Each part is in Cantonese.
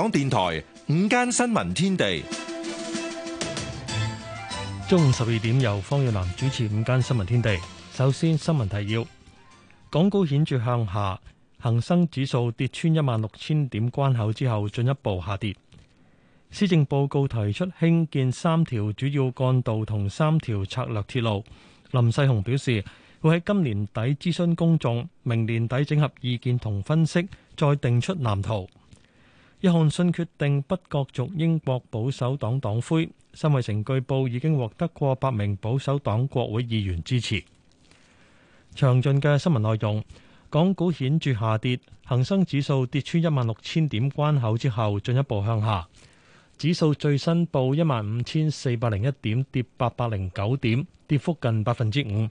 港電臺午間新聞天地，中午十二點由方若男主持午間新聞天地。首先新聞提要：港股顯著向下，恒生指數跌穿一萬六千點關口之後，進一步下跌。施政報告提出興建三條主要幹道同三條策略鐵路。林世雄表示，會喺今年底諮詢公眾，明年底整合意見同分析，再定出藍圖。約翰遜決定不角逐英國保守黨黨魁，辛偉誠據報已經獲得過百名保守黨國會議員支持。詳盡嘅新聞內容，港股顯著下跌，恒生指數跌穿一萬六千點關口之後，進一步向下，指數最新報一萬五千四百零一點，跌八百零九點，跌幅近百分之五。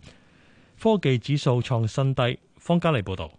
科技指數創新低，方嘉麗報道。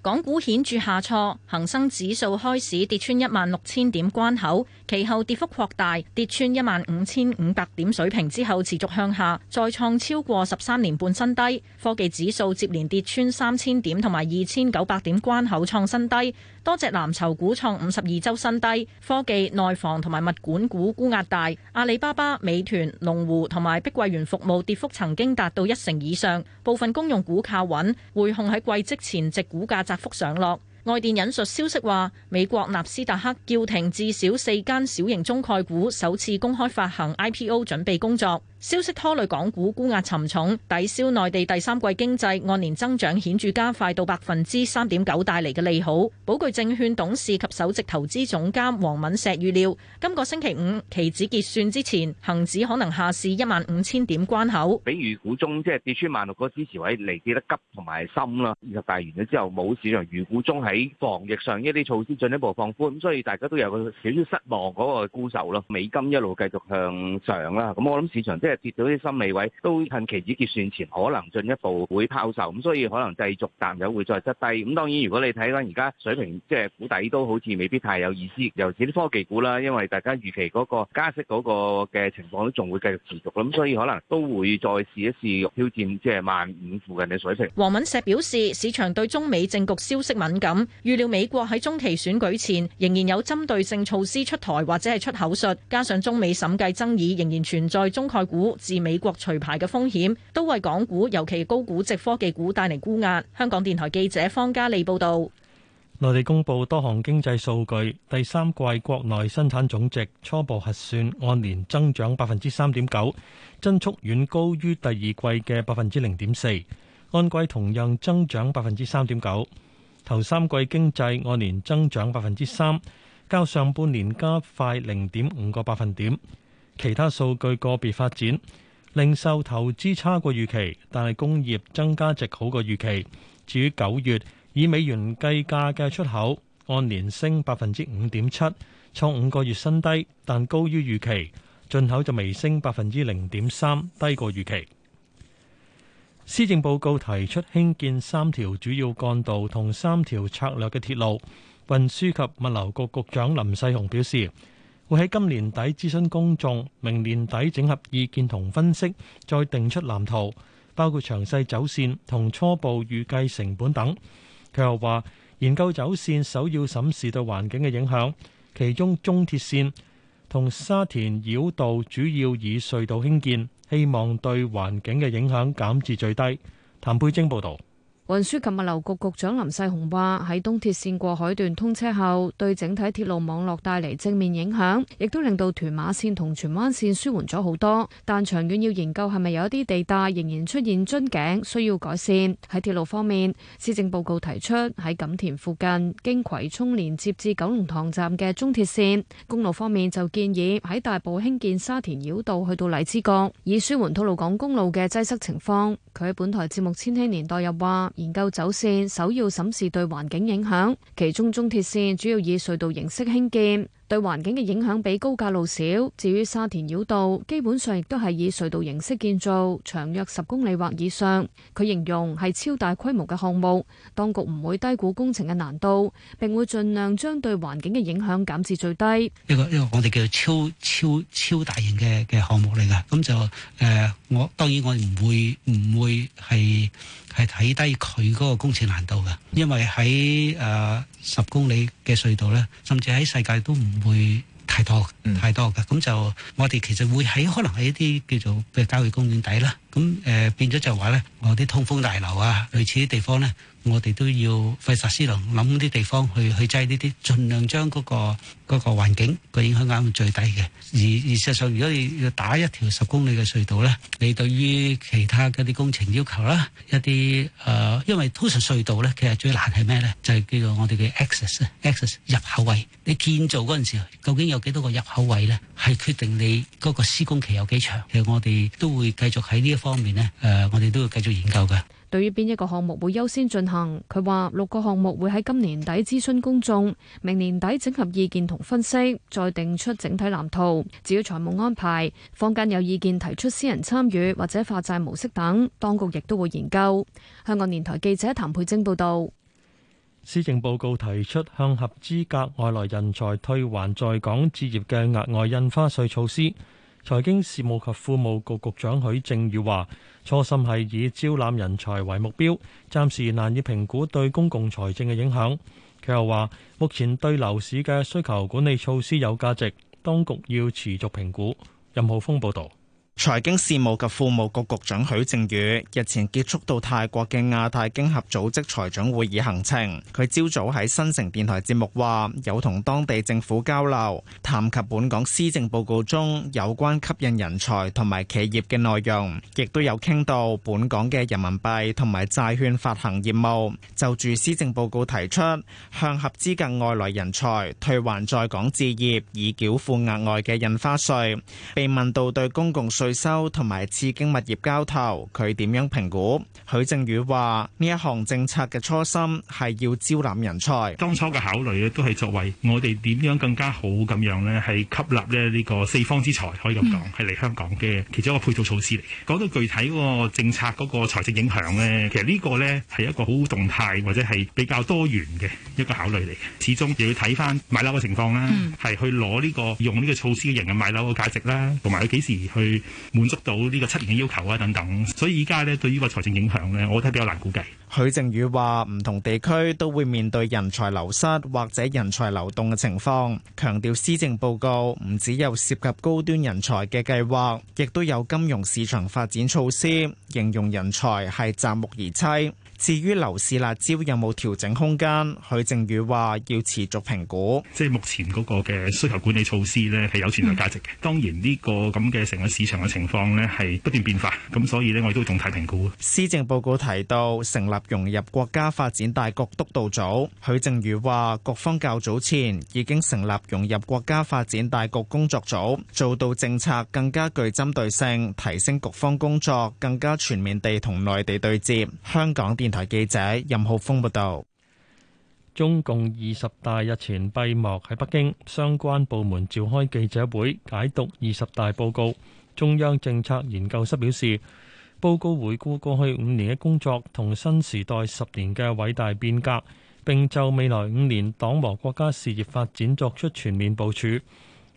港股顯著下挫，恒生指數開始跌穿一萬六千點關口，其後跌幅擴大，跌穿一萬五千五百點水平之後持續向下，再創超過十三年半新低。科技指數接連跌穿三千點同埋二千九百點關口，創新低。多隻藍籌股創五十二周新低，科技、內房同埋物管股沽壓大，阿里巴巴、美團、龍湖同埋碧桂園服務跌幅曾經達到一成以上。部分公用股靠穩，匯控喺季績前夕股價窄幅上落。外電引述消息話，美國納斯達克叫停至少四間小型中概股首次公開發行 IPO 準備工作。消息拖累港股沽壓沉重，抵消內地第三季經濟按年增長顯著加快到百分之三點九帶嚟嘅利好。寶钜證券董事及首席投資總監黃敏石預料，今個星期五期指結算之前，恒指可能下試一萬五千點關口。比預估中，即係跌穿萬六嗰支持位嚟跌得急同埋深啦。其實大完咗之後，冇市場預估中喺防疫上一啲措施進一步放寬，咁所以大家都有少少失望嗰個沽售咯。美金一路繼續向上啦，咁我諗市場即係跌到啲心理位，都近期止結算前可能進一步會拋售，咁所以可能繼續但有會再質低。咁當然如果你睇返而家水平，即係股底都好似未必太有意思，尤其啲科技股啦，因為大家預期嗰個加息嗰個嘅情況都仲會繼續持續，咁所以可能都會再試一試用挑戰即係萬五附近嘅水平。黃敏石表示，市場對中美政局消息敏感，預料美國喺中期選舉前仍然有針對性措施出台或者係出口術，加上中美審計爭議仍然存在，中概股，股自美國除牌嘅風險，都為港股，尤其高估值科技股帶嚟沽壓。香港電台記者方嘉利報導。內地公布多項經濟數據，第三季國內生產總值初步核算按年增長百分之三點九，增速遠高於第二季嘅百分之零點四，按季同樣增長百分之三點九。頭三季經濟按年增長百分之三，較上半年加快零點五個百分點。其他數據個別發展，零售投資差過預期，但係工業增加值好過預期。至於九月以美元計價嘅出口按年升百分之五點七，創五個月新低，但高於預期。進口就微升百分之零點三，低過預期。施政報告提出興建三條主要幹道同三條策略嘅鐵路，運輸及物流局局長林世雄表示。會喺今年底諮詢公眾，明年底整合意見同分析，再定出藍圖，包括詳細走線同初步預計成本等。佢又話，研究走線首要審視對環境嘅影響，其中中鐵線同沙田繞道主要以隧道興建，希望對環境嘅影響減至最低。譚佩晶報導。運輸及物流局局長林世雄話：喺東鐵線過海段通車後，對整體鐵路網絡帶嚟正面影響，亦都令到屯馬線同荃灣線舒緩咗好多。但長遠要研究係咪有一啲地帶仍然出現樽頸，需要改善。喺鐵路方面，施政報告提出喺錦田附近經葵涌連接至九龍塘站嘅中鐵線；公路方面就建議喺大埔興建沙田繞道去到荔枝角，以舒緩吐露港公路嘅擠塞情況。佢喺本台節目《千禧年代》又話。研究走線，首要審視對環境影響。其中，中鐵線主要以隧道形式興建。對環境嘅影響比高架路少。至於沙田繞道，基本上亦都係以隧道形式建造，長約十公里或以上。佢形容係超大規模嘅項目，當局唔會低估工程嘅難度，並會盡量將對環境嘅影響減至最低。呢個，呢個，我哋叫做超超超大型嘅嘅項目嚟噶，咁就誒、呃，我當然我唔會唔會係係睇低佢嗰個工程難度噶，因為喺誒十公里嘅隧道呢，甚至喺世界都唔。會太多太多嘅，咁就我哋其實會喺可能喺一啲叫做嘅郊野公園底啦，咁誒、呃、變咗就話咧，我、哦、啲通風大樓啊，類似啲地方咧。我哋都要費煞思量，諗啲地方去去制呢啲，盡量將嗰個嗰個環境個影響壓到最低嘅。而事實上，如果你要打一條十公里嘅隧道咧，你對於其他一啲工程要求啦，一啲誒，因為通常隧道咧，其實最難係咩咧？就係叫做我哋嘅 access，access 入口位。你建造嗰陣時，究竟有幾多個入口位咧？係決定你嗰個施工期有幾長。其實我哋都會繼續喺呢一方面咧，誒，我哋都會繼續研究嘅。對於邊一個項目會優先進行，佢話六個項目會喺今年底諮詢公眾，明年底整合意見同分析，再定出整體藍圖。至於財務安排，坊間有意見提出私人參與或者發債模式等，當局亦都會研究。香港電台記者譚佩晶報導。施政報告提出向合資格外來人才退還在港置業嘅額外印花稅措施。財經事務及庫務局局長許正宇話，初心係以招攬人才為目標，暫時難以評估對公共財政嘅影響。佢又話，目前對樓市嘅需求管理措施有價值，當局要持續評估。任浩峰報道。財經事務及庫務局局長許正宇日前結束到泰國嘅亞太經合組織財長會議行程，佢朝早喺新城電台節目話，有同當地政府交流，談及本港施政報告中有關吸引人才同埋企業嘅內容，亦都有傾到本港嘅人民幣同埋債券發行業務。就住施政報告提出向合資格外來人才退還在港置業已繳付額外嘅印花稅，被問到對公共稅，稅收同埋刺激物業交投，佢點樣評估？許正宇話：呢一項政策嘅初心係要招攬人才。當初嘅考慮咧，都係作為我哋點樣更加好咁樣呢係吸納咧呢個四方之才，可以咁講，係嚟香港嘅其中一個配套措施嚟。講到具體個政策嗰個財政影響呢，其實呢個呢係一個好動態或者係比較多元嘅一個考慮嚟。始終要睇翻買樓嘅情況啦，係去攞呢個用呢個措施嘅人嘅買樓嘅價值啦，同埋佢幾時去。滿足到呢個七年嘅要求啊等等，所以依家咧對呢個財政影響咧，我睇比較難估計。許正宇話唔同地區都會面對人才流失或者人才流動嘅情況，強調施政報告唔只有涉及高端人才嘅計劃，亦都有金融市場發展措施，形容人才係擇木而棲。至於樓市辣招有冇調整空間？許正宇話：要持續評估，即係目前嗰個嘅需求管理措施咧係有存在價值嘅。嗯、當然呢個咁嘅成個市場嘅情況咧係不斷變化，咁所以咧我亦都重睇評估。施政報告提到成立融入國家發展大局督導組，許正宇話：各方較早前已經成立融入國家發展大局工作組，做到政策更加具針對性，提升局方工作更加全面地同內地對接。香港電電台記者任浩峰報道，中共二十大日前閉幕喺北京，相關部門召開記者會解讀二十大報告。中央政策研究室表示，報告回顧過去五年嘅工作同新時代十年嘅偉大變革，並就未來五年黨和國家事業發展作出全面部署。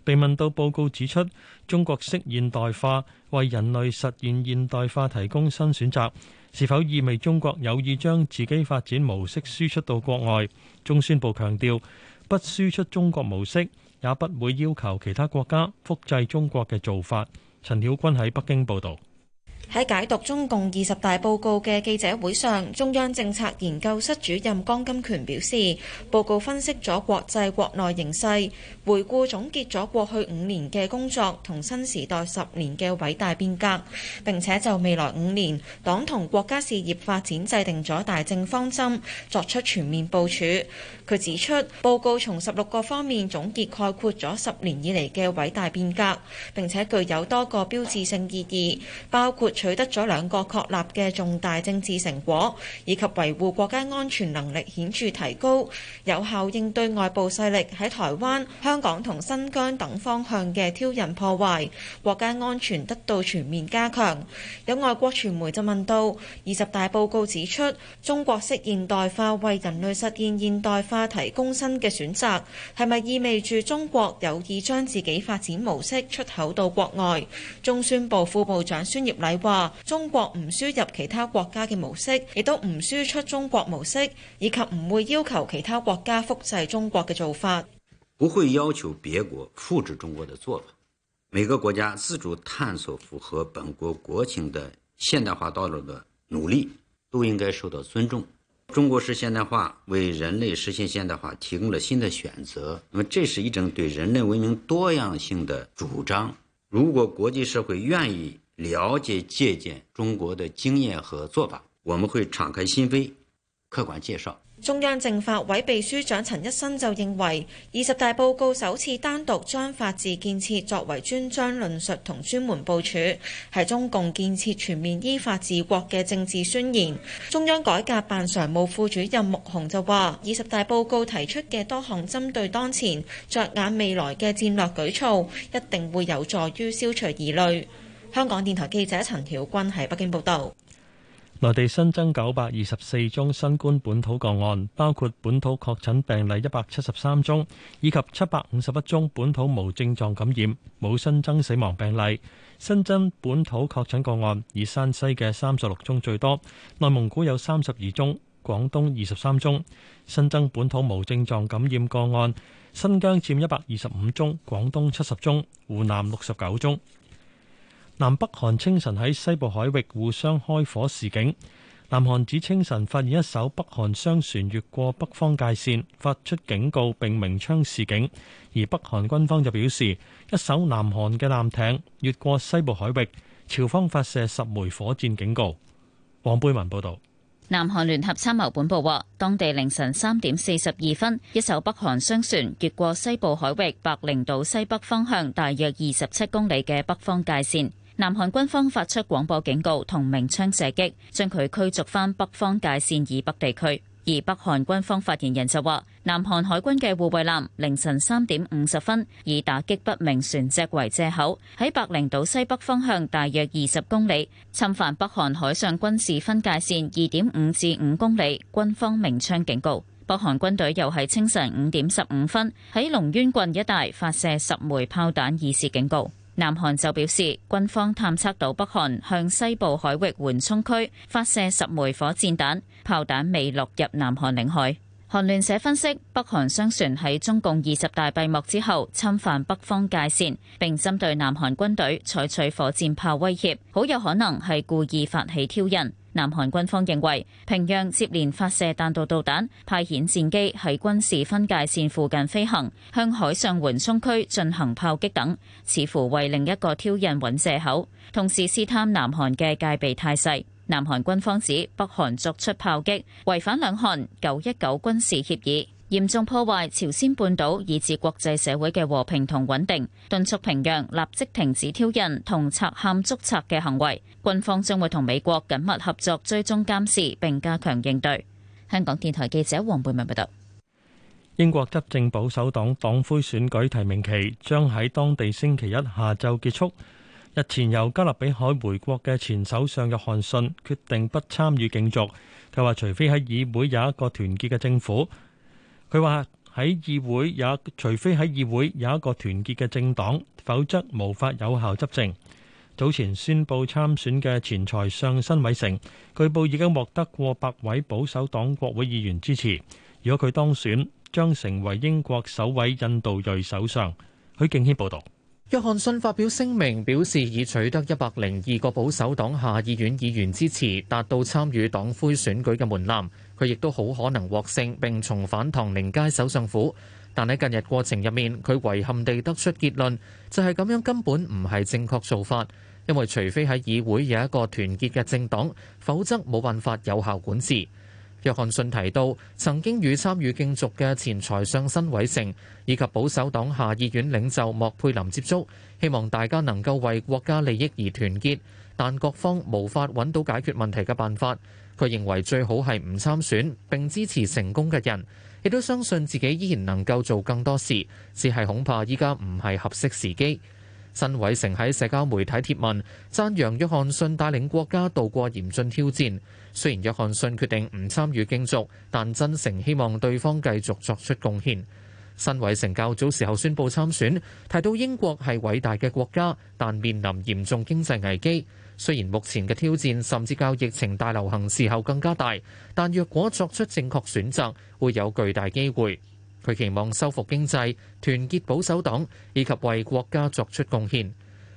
被問到報告指出中國式現代化為人類實現現代化提供新選擇。是否意味中國有意將自己發展模式輸出到國外？中宣部強調，不輸出中國模式，也不會要求其他國家複製中國嘅做法。陳曉君喺北京報導。喺解讀中共二十大報告嘅記者會上，中央政策研究室主任江金權表示，報告分析咗國際國內形勢，回顧總結咗過去五年嘅工作同新時代十年嘅偉大變革，並且就未來五年黨同國家事業發展制定咗大政方針，作出全面部署。佢指出，報告從十六個方面總結概括咗十年以嚟嘅偉大變革，並且具有多個標誌性意義，包括，取得咗兩個確立嘅重大政治成果，以及維護國家安全能力顯著提高，有效應對外部勢力喺台灣、香港同新疆等方向嘅挑釁破壞，國家安全得到全面加強。有外國傳媒就問到：二十大報告指出，中國式現代化為人類實現現代化提供新嘅選擇，係咪意味住中國有意將自己發展模式出口到國外？中宣部副部長孫業禮中國唔輸入其他國家嘅模式，亦都唔輸出中國模式，以及唔會要求其他國家複製中國嘅做法。不會要求別國複製中國的做法。每個國家自主探索符合本國國情的現代化道路的努力都應該受到尊重。中國式現代化為人類實現現代化提供了新的選擇。那麼，這是一種對人類文明多樣性的主張。如果國際社會願意。了解、借鑒中國的經驗和做法，我們會敞開心扉，客觀介紹。中央政法委秘書長陳一新就認為，二十大報告首次單獨將法治建設作為專章論述同專門部署，係中共建設全面依法治國嘅政治宣言。中央改革辦常務副主任穆虹就話，二十大報告提出嘅多項針對當前、着眼未來嘅戰略舉措，一定會有助於消除疑慮。香港電台記者陳曉君喺北京報道，內地新增九百二十四宗新冠本土個案，包括本土確診病例一百七十三宗，以及七百五十一宗本土無症狀感染，冇新增死亡病例。新增本土確診個案以山西嘅三十六宗最多，內蒙古有三十二宗，廣東二十三宗。新增本土無症狀感染個案，新疆佔一百二十五宗，廣東七十宗，湖南六十九宗。南北韓清晨喺西部海域互相開火示警。南韓指清晨發現一艘北韓商船越過北方界線，發出警告並鳴槍示警。而北韓軍方就表示，一艘南韓嘅艦艇越過西部海域，朝方發射十枚火箭警告。黃貝文報導。南韓聯合參謀本部話，當地凌晨三點四十二分，一艘北韓商船越過西部海域白翎島西北方向大約二十七公里嘅北方界線。南韓軍方發出廣播警告同鳴槍射擊，將佢驅逐翻北方界線以北地區。而北韓軍方發言人就話，南韓海軍嘅護衛艦凌晨三點五十分以打擊不明船隻為藉口，喺白翎島西北方向大約二十公里侵犯北韓海上軍事分界線二點五至五公里，軍方鳴槍警告。北韓軍隊又係清晨五點十五分喺龍淵郡一帶發射十枚炮彈以示警告。南韓就表示，軍方探測到北韓向西部海域緩衝區發射十枚火箭彈，炮彈未落入南韓領海。韓聯社分析，北韓商船喺中共二十大閉幕之後侵犯北方界線，並針對南韓軍隊採取火箭炮威脅，好有可能係故意發起挑釁。南韓軍方認為平壤接連發射彈道導彈、派遣戰機喺軍事分界線附近飛行、向海上緩衝區進行炮擊等，似乎為另一個挑釁揾藉口，同時試探南韓嘅戒備態勢。南韓軍方指北韓作出炮擊，違反兩韓《九一九》軍事協議。嚴重破壞朝鮮半島以至國際社會嘅和平同穩定，敦促平壤立即停止挑釁同賊喊捉賊嘅行為。軍方將會同美國緊密合作，追蹤監視並加強應對。香港電台記者黃貝文報道。英國執政保守黨黨魁選舉提名期將喺當地星期一下晝結束。日前由加勒比海回國嘅前首相約翰遜決定不參與競逐，佢話：除非喺議會有一個團結嘅政府。佢話：喺議會也，除非喺議會有一個團結嘅政黨，否則無法有效執政。早前宣布參選嘅前財相辛偉誠，據報已經獲得過百位保守黨國會議員支持。如果佢當選，將成為英國首位印度裔首相。許敬軒報導。約翰遜發表聲明，表示已取得一百零二個保守黨下議院議員支持，達到參與黨魁選舉嘅門檻。佢亦都好可能獲勝，並重返唐寧街首相府。但喺近日過程入面，佢遺憾地得出結論，就係咁樣根本唔係正確做法，因為除非喺議會有一個團結嘅政黨，否則冇辦法有效管治。約翰遜提到，曾經與參與競逐嘅前財相辛偉成以及保守黨下議院領袖莫佩林接觸，希望大家能夠為國家利益而團結，但各方無法揾到解決問題嘅辦法。佢認為最好係唔參選，並支持成功嘅人，亦都相信自己依然能夠做更多事，只係恐怕依家唔係合適時機。辛偉成喺社交媒體貼文讚揚約翰遜帶領國家度過嚴峻挑戰。雖然約翰遜決定唔參與競逐，但真誠希望對方繼續作出貢獻。辛偉誠較早時候宣佈參選，提到英國係偉大嘅國家，但面臨嚴重經濟危機。雖然目前嘅挑戰甚至較疫情大流行時候更加大，但若果作出正確選擇，會有巨大機會。佢期望修復經濟、團結保守黨以及為國家作出貢獻。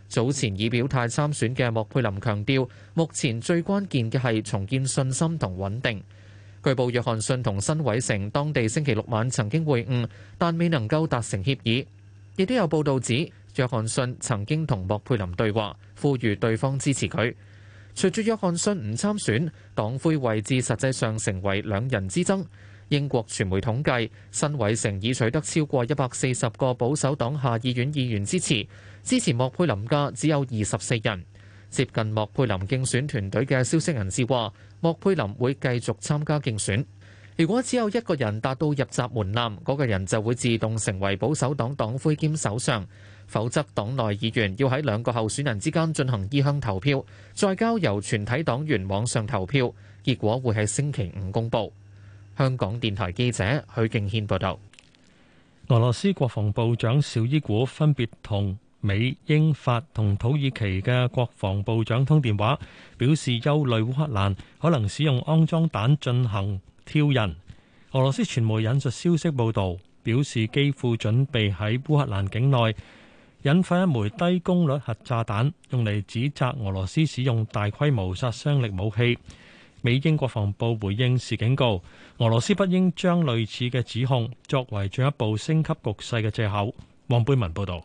早前已表態參選嘅莫佩林強調，目前最關鍵嘅係重建信心同穩定。據報約翰遜同辛偉誠當地星期六晚曾經會晤，但未能夠達成協議。亦都有報道指，約翰遜曾經同莫佩林對話，呼籲對方支持佢。隨住約翰遜唔參選，黨魁位置實際上成為兩人之爭。英國傳媒統計，辛偉誠已取得超過一百四十個保守黨下議院議員支持，支持莫佩林嘅只有二十四人。接近莫佩林競選團隊嘅消息人士話：莫佩林會繼續參加競選。如果只有一個人達到入閘門檻，嗰個人就會自動成為保守黨黨魁兼首相；否則，黨內議員要喺兩個候選人之間進行意向投票，再交由全體黨員網上投票，結果會喺星期五公佈。香港電台記者許敬軒報道，俄羅斯國防部長紹伊古分別同美、英、法同土耳其嘅國防部長通電話，表示憂慮烏克蘭可能使用安裝彈進行挑釁。俄羅斯傳媒引述消息報道，表示機庫準備喺烏克蘭境內引發一枚低功率核炸彈，用嚟指責俄羅斯使用大規模殺傷力武器。美英國防部回應是警告，俄羅斯不應將類似嘅指控作為進一步升級局勢嘅借口。黃貝文報道。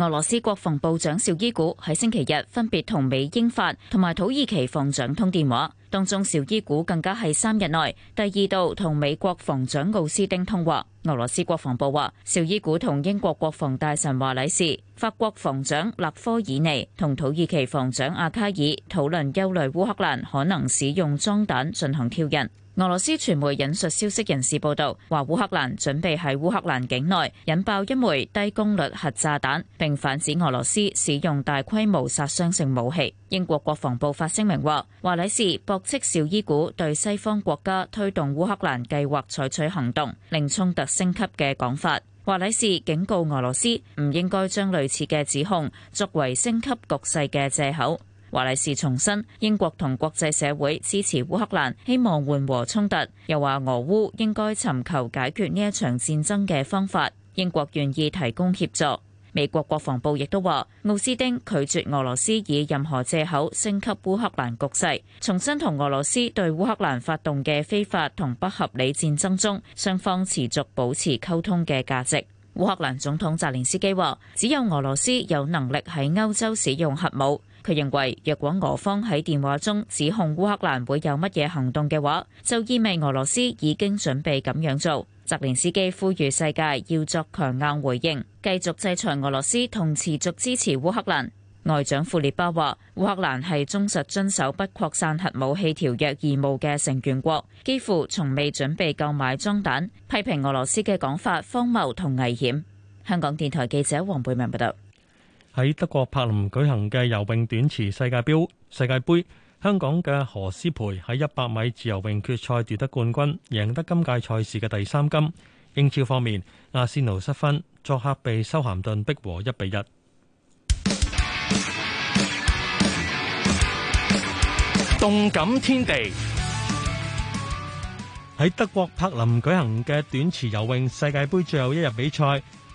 俄羅斯國防部長紹伊古喺星期日分別同美、英、法同埋土耳其防長通電話，當中紹伊古更加係三日內第二度同美國防長奧斯丁通話。俄羅斯國防部話，紹伊古同英國國防大臣華禮士、法國防長勒科爾尼同土耳其防長阿卡爾討論，憂慮烏克蘭可能使用裝彈進行挑釁。俄羅斯傳媒引述消息人士報道，話烏克蘭準備喺烏克蘭境內引爆一枚低功率核炸彈，並反指俄羅斯使用大規模殺傷性武器。英國國防部發聲明話，華禮士駁斥紹伊古對西方國家推動烏克蘭計劃採取行動，令衝突升級嘅講法。華禮士警告俄羅斯唔應該將類似嘅指控作為升級局勢嘅借口。華萊士重申，英國同國際社會支持烏克蘭，希望緩和衝突。又話俄烏應該尋求解決呢一場戰爭嘅方法，英國願意提供協助。美國國防部亦都話，奧斯丁拒絕俄羅斯以任何借口升級烏克蘭局勢，重申同俄羅斯對烏克蘭發動嘅非法同不合理戰爭中，雙方持續保持溝通嘅價值。烏克蘭總統澤連斯基話，只有俄羅斯有能力喺歐洲使用核武。佢認為，若果俄方喺電話中指控烏克蘭會有乜嘢行動嘅話，就意味俄羅斯已經準備咁樣做。澤連斯基呼籲世界要作強硬回應，繼續制裁俄羅斯同持續支持烏克蘭。外長庫列巴話：烏克蘭係忠實遵守不擴散核武器條約義務嘅成員國，幾乎從未準備購買裝彈，批評俄羅斯嘅講法荒謬同危險。香港電台記者黃貝文報道。喺德國柏林舉行嘅游泳短池世界杯，世界杯，香港嘅何詩蓓喺一百米自由泳決賽奪得冠軍，贏得今屆賽事嘅第三金。英超方面，阿仙奴失分，作客被修咸頓逼和一比一。動感天地，喺德國柏林舉行嘅短池游泳世界杯最後一日比賽。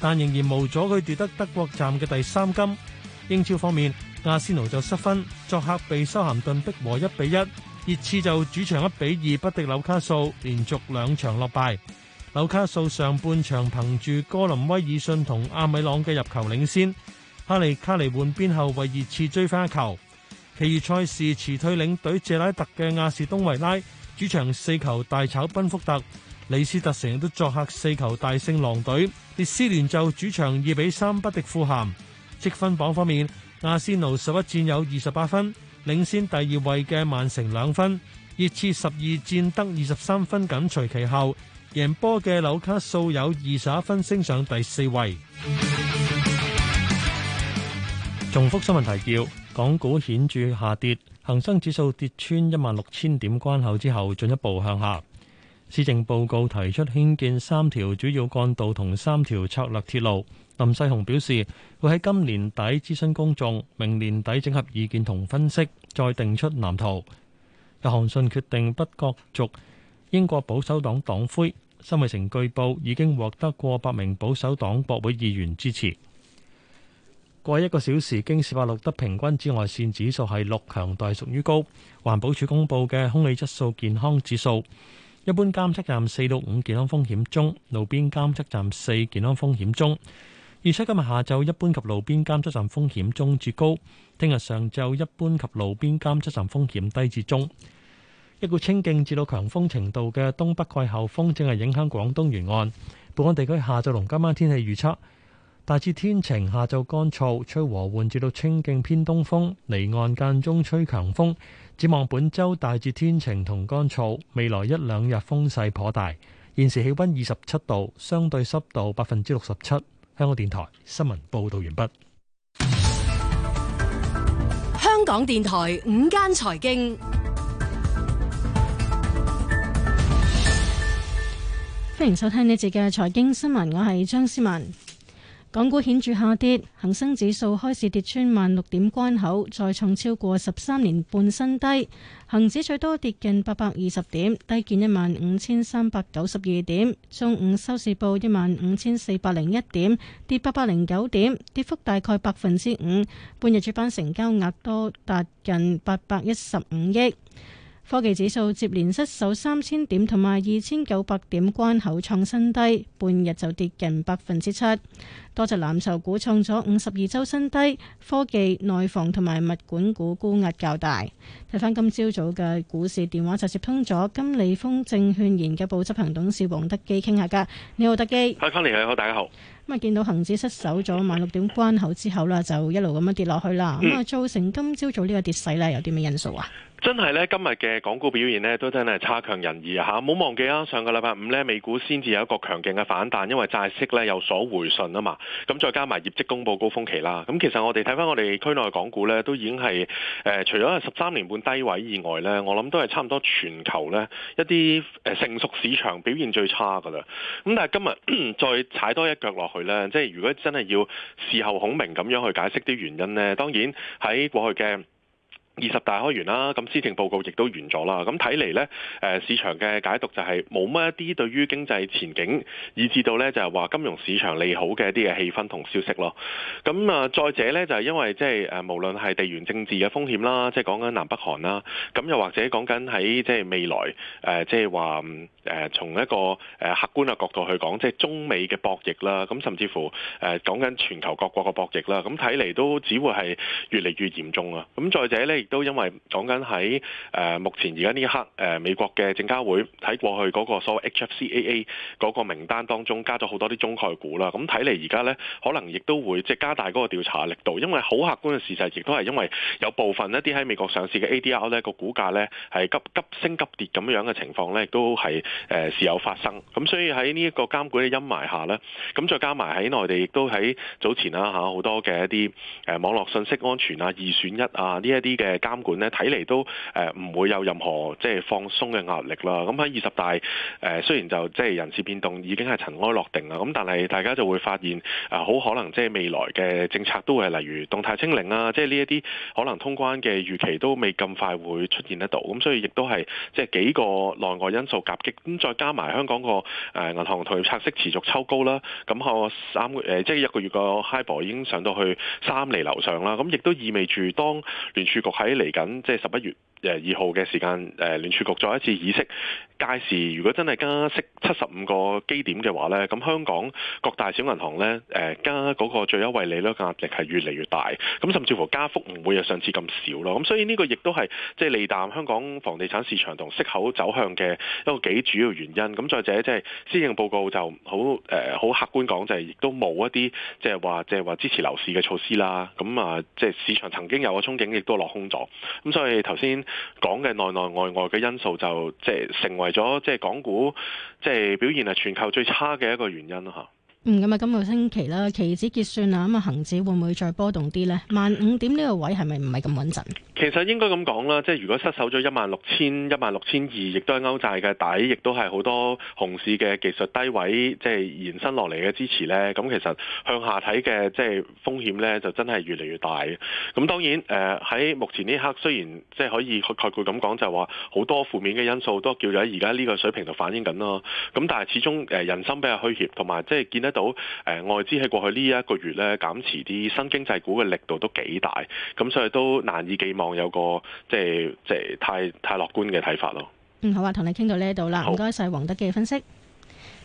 但仍然無阻佢奪得德國站嘅第三金。英超方面，阿仙奴就失分，作客被修咸頓逼和一比一；熱刺就主場一比二不敵紐卡素，連續兩場落敗。紐卡素上半場憑住哥林威爾遜同阿米朗嘅入球領先，哈利卡尼換邊後為熱刺追翻一球。其餘賽事，辭退領隊謝拉特嘅亞士東維拉主場四球大炒賓福特，李斯特城都作客四球大勝狼隊。列斯聯就主場二比三不敵富咸。積分榜方面，阿仙奴十一戰有二十八分，領先第二位嘅曼城兩分。熱刺十二戰得二十三分，緊隨其後。贏波嘅紐卡素有二十一分，升上第四位。重複新聞提要，港股顯著下跌，恒生指數跌穿一萬六千點關口之後，進一步向下。施政報告提出興建三條主要幹道同三條策略鐵路。林世雄表示，會喺今年底諮詢公眾，明年底整合意見同分析，再定出藍圖。約翰遜決定不角逐英國保守黨黨魁。辛偉誠據報已經獲得過百名保守黨國會議員支持。過去一個小時，京士柏錄得平均紫外線指數係六，強度屬於高。環保署公布嘅空氣質素健康指數。一般監測站四到五健康風險中，路邊監測站四健康風險中。預測今日下晝一般及路邊監測站風險中至高，聽日上晝一般及路邊監測站風險低至中。一股清勁至到強風程度嘅東北季候風正係影響廣東沿岸，本港地區下晝同今晚天氣預測大致天晴，下晝乾燥，吹和緩至到清勁偏東風，離岸間中吹強風。展望本周大致天晴同乾燥，未來一兩日風勢頗大。現時氣溫二十七度，相對濕度百分之六十七。香港電台新聞報道完畢。香港電台午間財經，歡迎收聽呢節嘅財經新聞，我係張思文。港股顯著下跌，恒生指數開市跌穿萬六點關口，再創超過十三年半新低。恒指最多跌近八百二十點，低見一萬五千三百九十二點。中午收市報一萬五千四百零一點，跌八百零九點，跌幅大概百分之五。半日主板成交額多達近八百一十五億。科技指數接連失守三千點同埋二千九百點關口，創新低，半日就跌近百分之七。多隻藍籌股創咗五十二周新低，科技、內房同埋物管股沽壓較大。睇翻今朝早嘅股市電話就接通咗金利豐證券研究部執行董事黃德基傾下噶。你好，德基。係，歡嚟。你好，大家好。咁啊，見到恒指失守咗萬六點關口之後啦，就一路咁樣跌落去啦。咁啊，造成今朝早呢個跌勢咧，有啲咩因素啊？真係呢，今日嘅港股表現呢都真係差強人意啊！嚇，冇忘記啊，上個禮拜五呢，美股先至有一個強勁嘅反彈，因為債息呢有所回順啊嘛。咁、嗯、再加埋業績公佈高峰期啦。咁、嗯、其實我哋睇返我哋區內港股呢，都已經係誒、呃，除咗係十三年半低位以外呢。我諗都係差唔多全球呢一啲誒成熟市場表現最差㗎喇。咁、嗯、但係今日再踩多一腳落去呢，即係如果真係要事後孔明咁樣去解釋啲原因呢，當然喺過去嘅。二十大開完啦，咁施政報告亦都完咗啦。咁睇嚟呢，誒市場嘅解讀就係冇乜一啲對於經濟前景，以至到呢就係話金融市場利好嘅一啲嘅氣氛同消息咯。咁啊，再者呢，就係因為即係誒，無論係地緣政治嘅風險啦，即係講緊南北韓啦，咁又或者講緊喺即係未來誒，即係話誒，從一個誒客觀嘅角度去講，即係中美嘅博弈啦，咁甚至乎誒講緊全球各國嘅博弈啦。咁睇嚟都只會係越嚟越嚴重啊。咁再者呢。都因為講緊喺誒目前而家呢一刻誒、呃、美國嘅證交會喺過去嗰個所謂 HFCAA 嗰個名單當中加咗好多啲中概股啦，咁睇嚟而家呢，可能亦都會即係加大嗰個調查力度，因為好客觀嘅事實亦都係因為有部分一啲喺美國上市嘅 ADR 呢個股價呢係急急升急跌咁樣嘅情況呢，都係誒時有發生。咁所以喺呢一個監管嘅陰霾下呢，咁再加埋喺內地亦都喺早前啦嚇好多嘅一啲誒、呃、網絡信息安全啊、二選一啊呢一啲嘅。啊監管咧睇嚟都誒唔會有任何即係、就是、放鬆嘅壓力啦。咁喺二十大誒、呃，雖然就即係、就是、人事變動已經係塵埃落定啦。咁但係大家就會發現誒，好、呃、可能即係未來嘅政策都會係例如動態清零啊，即係呢一啲可能通關嘅預期都未咁快會出現得到。咁所以亦都係即係幾個內外因素夾擊，咁再加埋香港個誒銀行同業拆息持續抽高啦。咁我三個誒即係一個月個 HIBOR 已經上到去三厘樓上啦。咁亦都意味住當聯儲局喺嚟緊，即係十一月。誒二號嘅時間，誒聯儲局再一次議息，屆時如果真係加息七十五個基點嘅話咧，咁香港各大小銀行咧，誒加嗰個最優惠利率壓力係越嚟越大，咁甚至乎加幅唔會有上次咁少咯。咁所以呢個亦都係即係利淡香港房地產市場同息口走向嘅一個幾主要原因。咁再者即係施政報告就好誒好客觀講，就係亦都冇一啲即係話即係話支持樓市嘅措施啦。咁啊，即係市場曾經有個憧憬亦都落空咗。咁所以頭先。講嘅內內外外嘅因素就即係成為咗即係港股即係表現係全球最差嘅一個原因啦吓。嗯，咁啊，今個星期啦，期指結算啦，咁啊，恒指會唔會再波動啲咧？萬五點呢個位係咪唔係咁穩陣？其實應該咁講啦，即係如果失守咗一萬六千、一萬六千二，亦都係歐債嘅底，亦都係好多熊市嘅技術低位，即係延伸落嚟嘅支持咧。咁其實向下睇嘅即係風險咧，就真係越嚟越大。咁當然，誒喺目前呢一刻，雖然即係可以概括咁講，就話好多負面嘅因素都叫咗喺而家呢個水平度反映緊咯。咁但係始終，誒人心比較虛怯，同埋即係見得。到誒，外資喺過去呢一個月咧，減持啲新經濟股嘅力度都幾大，咁所以都難以寄望有個即係即係太太樂觀嘅睇法咯。嗯，好啊，同你傾到呢一度啦，唔該晒，黃德記分析。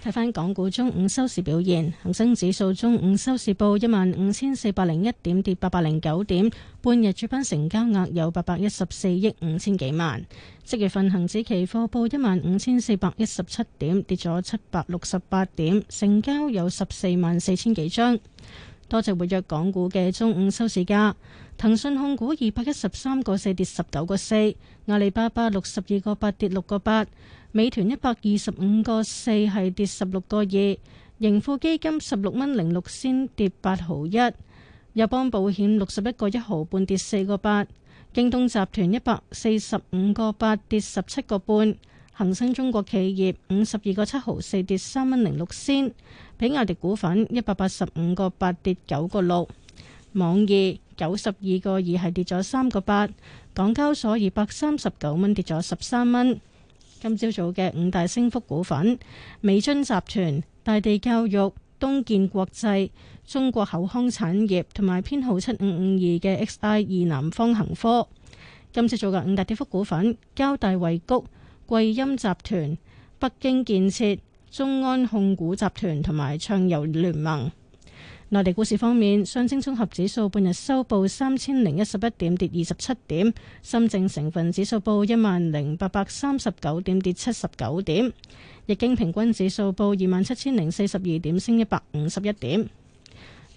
睇返港股中午收市表現，恒生指數中午收市報一萬五千四百零一點，跌八百零九點。半日主板成交額有八百一十四億五千幾萬。即月份恒指期貨報一萬五千四百一十七點，跌咗七百六十八點，成交有十四萬四千幾張。多隻活躍港股嘅中午收市價，騰訊控股二百一十三個四跌十九個四，阿里巴巴六十二個八跌六個八，美團一百二十五個四係跌十六個二，盈富基金十六蚊零六先跌八毫一，友邦保險六十一個一毫半跌四個八，京東集團一百四十五個八跌十七個半。恒生中國企業五十二個七毫四跌三蚊零六仙，比亞迪股份一百八十五個八跌九個六，網易九十二個二係跌咗三個八，港交所二百三十九蚊跌咗十三蚊。今朝早嘅五大升幅股份：美津集團、大地教育、東建國際、中國口腔產業同埋編號七五五二嘅 XI 二南方恒科。今朝早嘅五大跌幅股份：交大惠谷。貴音集團、北京建設、中安控股集團同埋暢遊聯盟。內地股市方面，上證綜合指數半日收報三千零一十一點，跌二十七點；深證成分指數報一萬零八百三十九點，跌七十九點；日經平均指數報二萬七千零四十二點，升一百五十一點。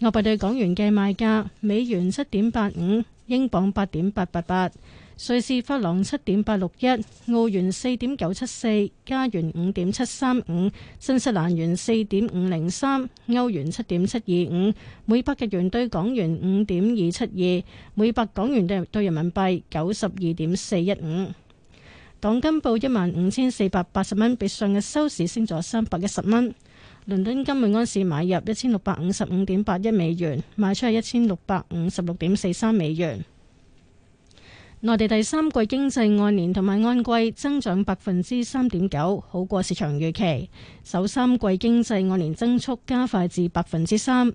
外幣對港元嘅賣價：美元七點八五，英鎊八點八八八。瑞士法郎七點八六一，澳元四點九七四，加元五點七三五，新西蘭元四點五零三，歐元七點七二五，每百日元兌港元五點二七二，每百港元兌人民幣九十二點四一五。港金報一萬五千四百八十蚊，比上日收市升咗三百一十蚊。倫敦金每安士買入一千六百五十五點八一美元，賣出係一千六百五十六點四三美元。內地第三季經濟按年同埋按季增長百分之三點九，好過市場預期。首三季經濟按年增速加快至百分之三。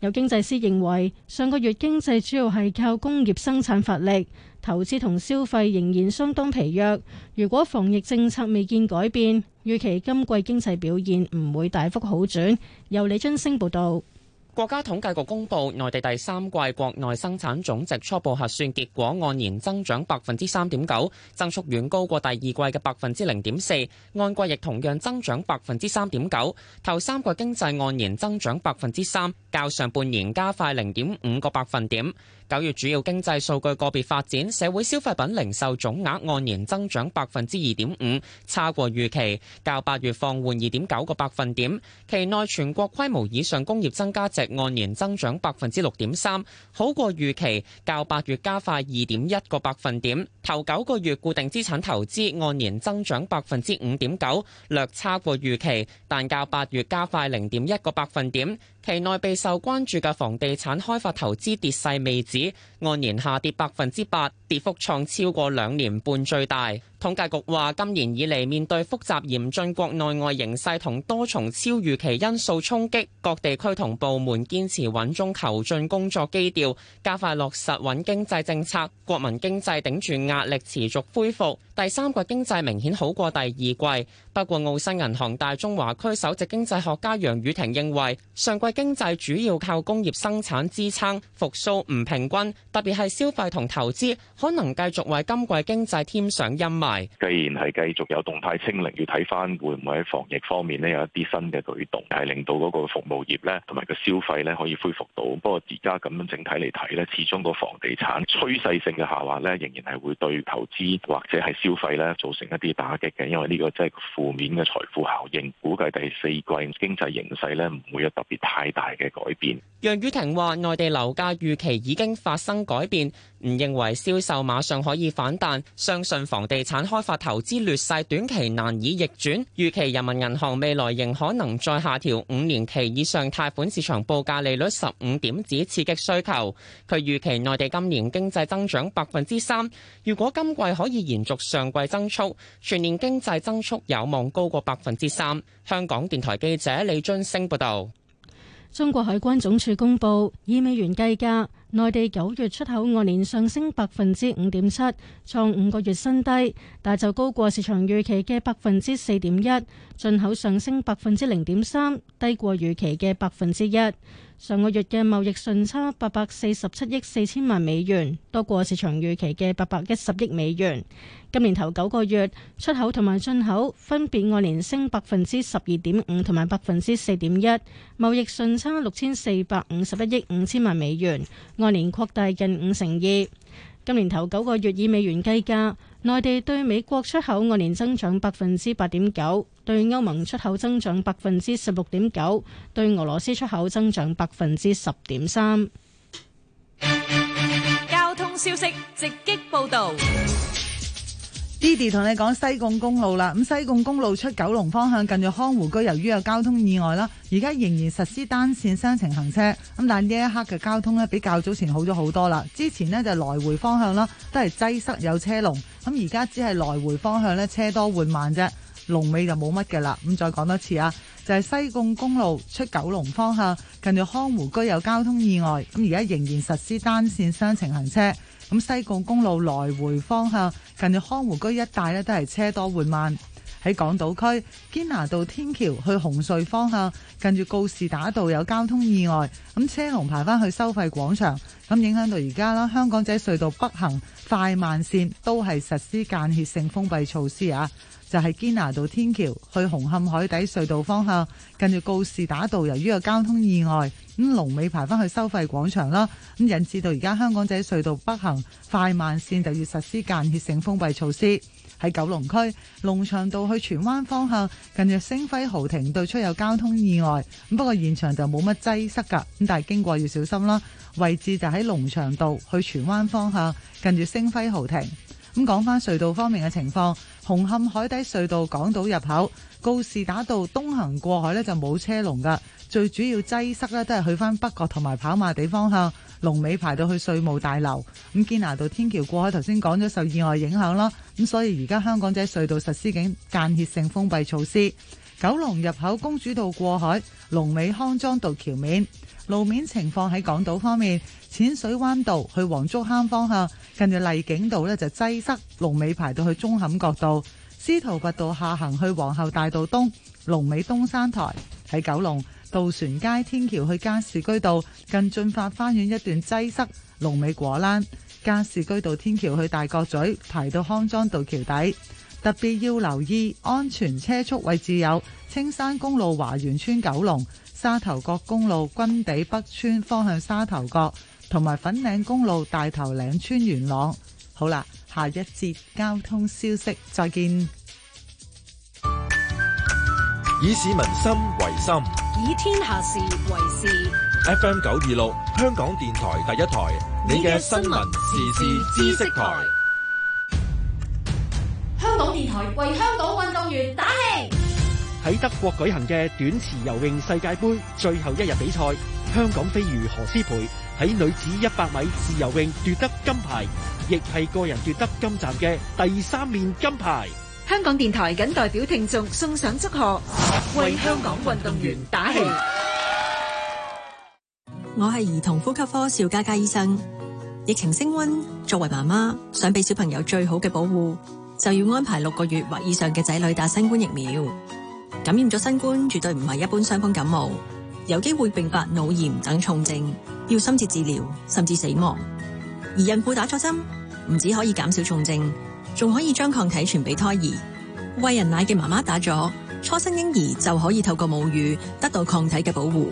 有經濟師認為，上個月經濟主要係靠工業生產發力，投資同消費仍然相當疲弱。如果防疫政策未見改變，預期今季經濟表現唔會大幅好轉。由李津升報道。國家統計局公布內地第三季國內生產總值初步核算結果，按年增長百分之三點九，增速遠高過第二季嘅百分之零點四。按季亦同樣增長百分之三點九，頭三季經濟按年增長百分之三，較上半年加快零點五個百分點。九月主要經濟數據個別發展，社會消費品零售總額按年增長百分之二點五，差過預期，較八月放緩二點九個百分點。期內全國規模以上工業增加值按年增長百分之六點三，好過預期，較八月加快二點一個百分點。頭九個月固定資產投資按年增長百分之五點九，略差過預期，但較八月加快零點一個百分點。期內備受關注嘅房地產開發投資跌勢未止，按年下跌百分之八，跌幅創超過兩年半最大。統計局話，今年以嚟面對複雜嚴峻國內外形勢同多重超預期因素衝擊，各地區同部門堅持穩中求進工作基調，加快落實穩經濟政策，國民經濟頂住壓力持續恢復，第三季經濟明顯好過第二季。不過，澳新銀行大中華區首席經濟學家楊宇霆認為，上季經濟主要靠工業生產支撐，復蘇唔平均，特別係消費同投資可能繼續為今季經濟添上陰霾。係，既然係繼續有動態清零，要睇翻會唔會喺防疫方面咧有一啲新嘅舉動，係令到嗰個服務業咧同埋個消費咧可以恢復到。不過而家咁樣整體嚟睇咧，始終個房地產趨勢性嘅下滑咧，仍然係會對投資或者係消費咧造成一啲打擊嘅，因為呢個即係負面嘅財富效應。估計第四季經濟形勢咧唔會有特別太大嘅改變。楊宇婷話，內地樓價預期已經發生改變。唔認為銷售馬上可以反彈，相信房地產開發投資劣勢短期難以逆轉。預期人民銀行未來仍可能再下調五年期以上貸款市場報價利率十五點，以刺激需求。佢預期內地今年經濟增長百分之三，如果今季可以延續上季增速，全年經濟增速有望高過百分之三。香港電台記者李津升報道。中國海關總署公佈，以美元計價。內地九月出口按年上升百分之五點七，創五個月新低，但就高過市場預期嘅百分之四點一；進口上升百分之零點三，低過預期嘅百分之一。上個月嘅貿易順差八百四十七億四千萬美元，多過市場預期嘅八百一十億美元。今年頭九個月，出口同埋進口分別按年升百分之十二點五同埋百分之四點一，貿易順差六千四百五十一億五千萬美元。按年擴大近五成二，今年頭九個月，以美元計價，內地對美國出口按年增長百分之八點九，對歐盟出口增長百分之十六點九，對俄羅斯出口增長百分之十點三。交通消息直擊報道。Didi 同你講西貢公路啦，咁西貢公路出九龍方向近住康湖居，由於有交通意外啦，而家仍然實施單線雙程行車，咁但呢一刻嘅交通呢，比較早前好咗好多啦。之前呢，就來回方向啦都係擠塞有車龍，咁而家只係來回方向呢，車多緩慢啫，龍尾就冇乜嘅啦。咁再講多次啊，就係西貢公路出九龍方向近住康湖居有交通意外，咁而家仍然實施單線雙程行車。咁西貢公路來回方向，近住康湖居一帶咧都係車多緩慢。喺港島區堅拿道天橋去紅隧方向，近住告士打道有交通意外，咁車龍排翻去收費廣場，咁影響到而家啦。香港仔隧道北行快慢線都係實施間歇性封閉措施啊。就係堅拿道天橋去紅磡海底隧道方向，近住告士打道，由於有交通意外，咁龍尾排翻去收費廣場啦，咁引致到而家香港仔隧道北行快慢線就要實施間歇性封閉措施。喺九龍區龍翔道去荃灣方向，近住星輝豪庭對出有交通意外，咁不過現場就冇乜擠塞㗎，咁但係經過要小心啦。位置就喺龍翔道去荃灣方向，近住星輝豪庭。咁講翻隧道方面嘅情況，紅磡海底隧道港島入口、告士打道東行過海呢就冇車龍㗎，最主要擠塞呢都係去翻北角同埋跑馬地方向，龍尾排到去稅務大樓。咁堅拿道天橋過海頭先講咗受意外影響啦，咁所以而家香港仔隧道實施緊間歇性封閉措施。九龍入口公主道過海，龍尾康莊道橋面。路面情況，喺港島方面，淺水灣道去黃竹坑方向，近住麗景道呢就擠塞，龍尾排到去舂坎角道；司徒拔道下行去皇后大道東，龍尾東山台。喺九龍渡船街天橋去加士居道，近駿發花園一段擠塞，龍尾果欄；加士居道天橋去大角咀排到康莊道橋底。特別要留意安全車速位置，有青山公路華源村九龍、沙頭角公路軍地北村方向沙頭角，同埋粉嶺公路大頭嶺村元朗。好啦，下一節交通消息，再見。以市民心為心，以天下事為事。FM 九二六，香港電台第一台，你嘅新聞時事知識台。為香港運動員打氣！喺德國舉行嘅短池游泳世界杯最後一日比賽，香港飛魚何詩蓓喺女子一百米自由泳奪得金牌，亦係個人奪得今站嘅第三面金牌。香港電台謹代表聽眾送上祝賀，為香港運動員打氣。打氣，我係兒童呼吸科邵佳佳醫生，疫情升温，作為媽媽想俾小朋友最好嘅保護。就要安排六個月或以上嘅仔女打新冠疫苗。感染咗新冠絕對唔係一般傷風感冒，有機會併發腦炎等重症，要深切治療甚至死亡。而孕婦打咗針，唔止可以減少重症，仲可以將抗體傳俾胎兒。餵人奶嘅媽媽打咗，初生嬰兒就可以透過母乳得到抗體嘅保護。